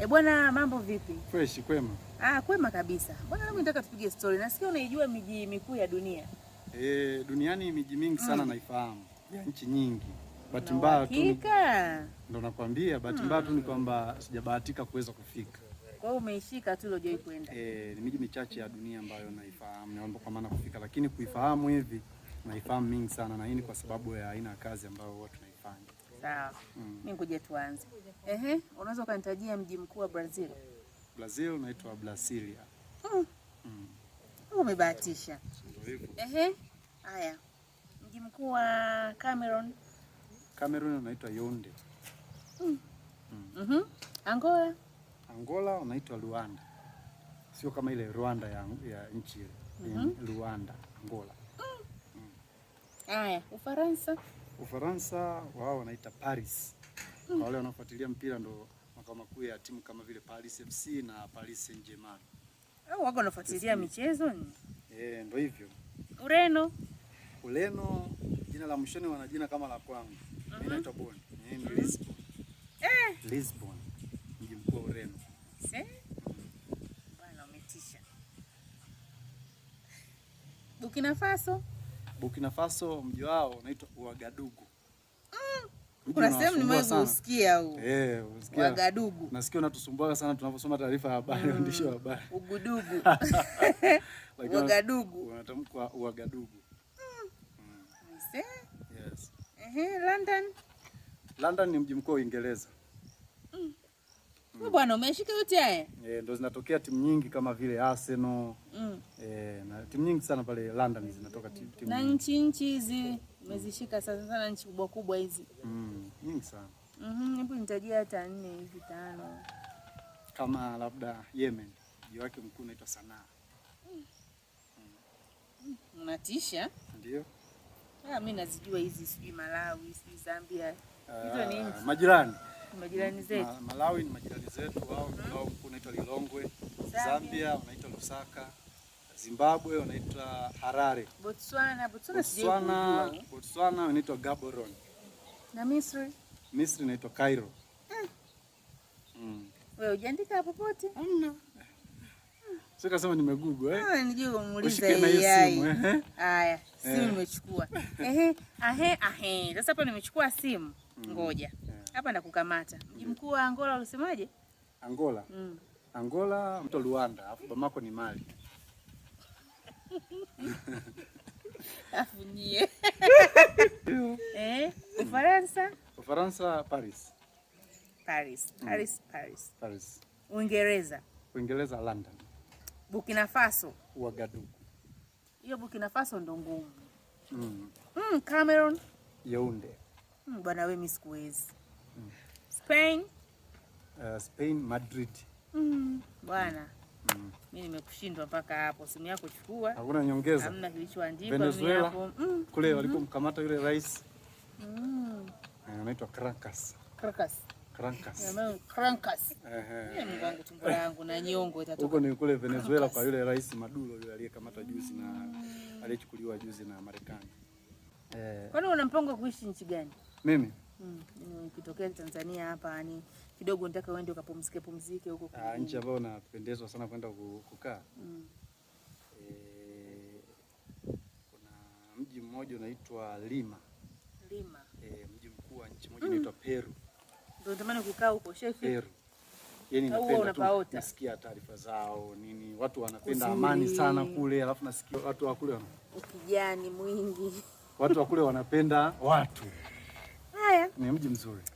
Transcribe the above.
E bwana, mambo vipi? Fresh, kwema. Ah, kwema kabisa. Bwana, mimi nataka tupige story. Nasikia unaijua miji mikuu ya dunia. Eh, duniani miji mingi sana mm. naifahamu ya nchi nyingi. Bahati mbaya tu ndo nakwambia, bahati mbaya tu ni mm. kwamba sijabahatika kuweza kufika. Kwa hiyo umeishika tu, hujai kwenda. Eh, ni miji michache ya dunia ambayo naifahamu, naomba kwa maana kufika, lakini kuifahamu hivi naifahamu mingi sana, na hii ni kwa sababu ya aina ya kazi ambayo watu naifanya. Sawa. Mm. Mimi ngoja tuanze. Ehe, unaweza ukanitajia mji mkuu wa Brazil? Brazil unaitwa Brasilia. Mm. Mm. Umebahatisha. Ehe. Haya. Mji mkuu wa Cameroon. Cameroon unaitwa Yaounde. Mm. Mm. Mm -hmm. Angola. Angola unaitwa Luanda. Sio kama ile Rwanda ya, ya nchi ile. Mm -hmm. Luanda, Angola. Mm. mm. Haya, Ufaransa. Ufaransa wao wanaita Paris. Kwa hmm. wale wanaofuatilia mpira ndo makao makuu ya timu kama vile Paris FC na Paris Saint-Germain. Au eh, wako wanafuatilia michezo ni? Eh, ndo hivyo. Ureno. Ureno jina la mshoni wana jina kama la kwangu. Uh -huh. Mimi uh-huh. naitwa Bon. Mimi ni Lisbon. Eh. eh, Lisbon. Mji mkuu wa Ureno. Eh? Bwana umetisha. Burkina Faso. Burkina Faso mji wao unaitwa Ouagadougou. Ah, kuna sehemu nimekusikia huo. Eh, usikia. Uagadugu. Nasikia unatusumbua sana tunaposoma taarifa ya habari, mm. waandishi wa habari. Ugudugu. Uagadugu. Unatamkwa Uagadugu. Mm. Yes. Ehe, London. London ni mji mkuu wa Uingereza. Mm. Bwana umeshika yote haya. Eh, ndo zinatokea timu nyingi kama vile Arsenal. Mm. Eh, na timu nyingi sana pale London zinatoka timu nyingi. Na nchi nchi hizi umezishika sana sana nchi kubwa kubwa hizi. Mm, nyingi sana. Mhm, hebu nitajia hata nne hivi tano. Kama labda Yemen, mji wake mkuu unaitwa Sanaa. Mm. Unatisha? Ndio. Ah, mimi nazijua hizi sijui Malawi, sijui Zambia. Hizo ni ah, majirani majirani zetu. Ma, Malawi ni majirani zetu wao, mkuu unaitwa Lilongwe, Zambia unaitwa Lusaka, Zimbabwe unaitwa Harare, Botswana Botswana Botswana Botswana unaitwa Gaborone na Misri Misri inaitwa Cairo. Mm. Mm. Wewe ujaandika popote? Hamna. Sio kasema nimegugwa eh? Ah, nijue umuuliza yeye. Eh? Haya, simu nimechukua. Eh. Ehe, ahe ahe. Sasa hapo nimechukua simu. Mm. Ngoja. Mm hapa na kukamata. Mji mkuu wa Angola ulisemaje? Angola mm. Angola mto Luanda, afu Bamako ni Mali afu eh, Ufaransa Ufaransa Paris Paris mm. Paris mm. Paris Paris Uingereza Uingereza London Burkina Faso Ouagadougou. Hiyo Burkina Faso ndo ngumu. mm. mm, Cameroon Yaounde. Mm, bwana wewe mimi sikuwezi Spain. Uh, Spain Madrid. Mm. Bwana mm. Mi nimekushindwa mpaka hapo, simu yako chukua, hakuna nyongeza, hamna kilichoandikwa. Venezuela mm. kule mhm. walipomkamata yule rais mm. Eh, anaitwa Caracas. Caracas. Tumbo langu na nyongo itatoka huko, ni kule Venezuela kwa yule rais Maduro yule aliyekamata juzi na aliyechukuliwa juzi na Marekani. Eh, kwani una mpango kuishi nchi gani? Mimi Mm kitokea Tanzania hapa, yani kidogo nataka uende ukapumzike pumzike huko. Ah, kwa nchi ambayo unapendezwa sana kwenda kukaa mm. E, kuna mji mmoja unaitwa Lima, Lima. E, mji mkuu wa nchi mmoja unaitwa mm. Peru. Ndio natamani kukaa huko shefu. Peru. Yaani napenda tu nasikia taarifa zao nini, watu wanapenda Uzuri. amani sana kule, alafu nasikia watu wa kule wana kijani mwingi, watu wa kule wanapenda watu Haya, ni mji mzuri.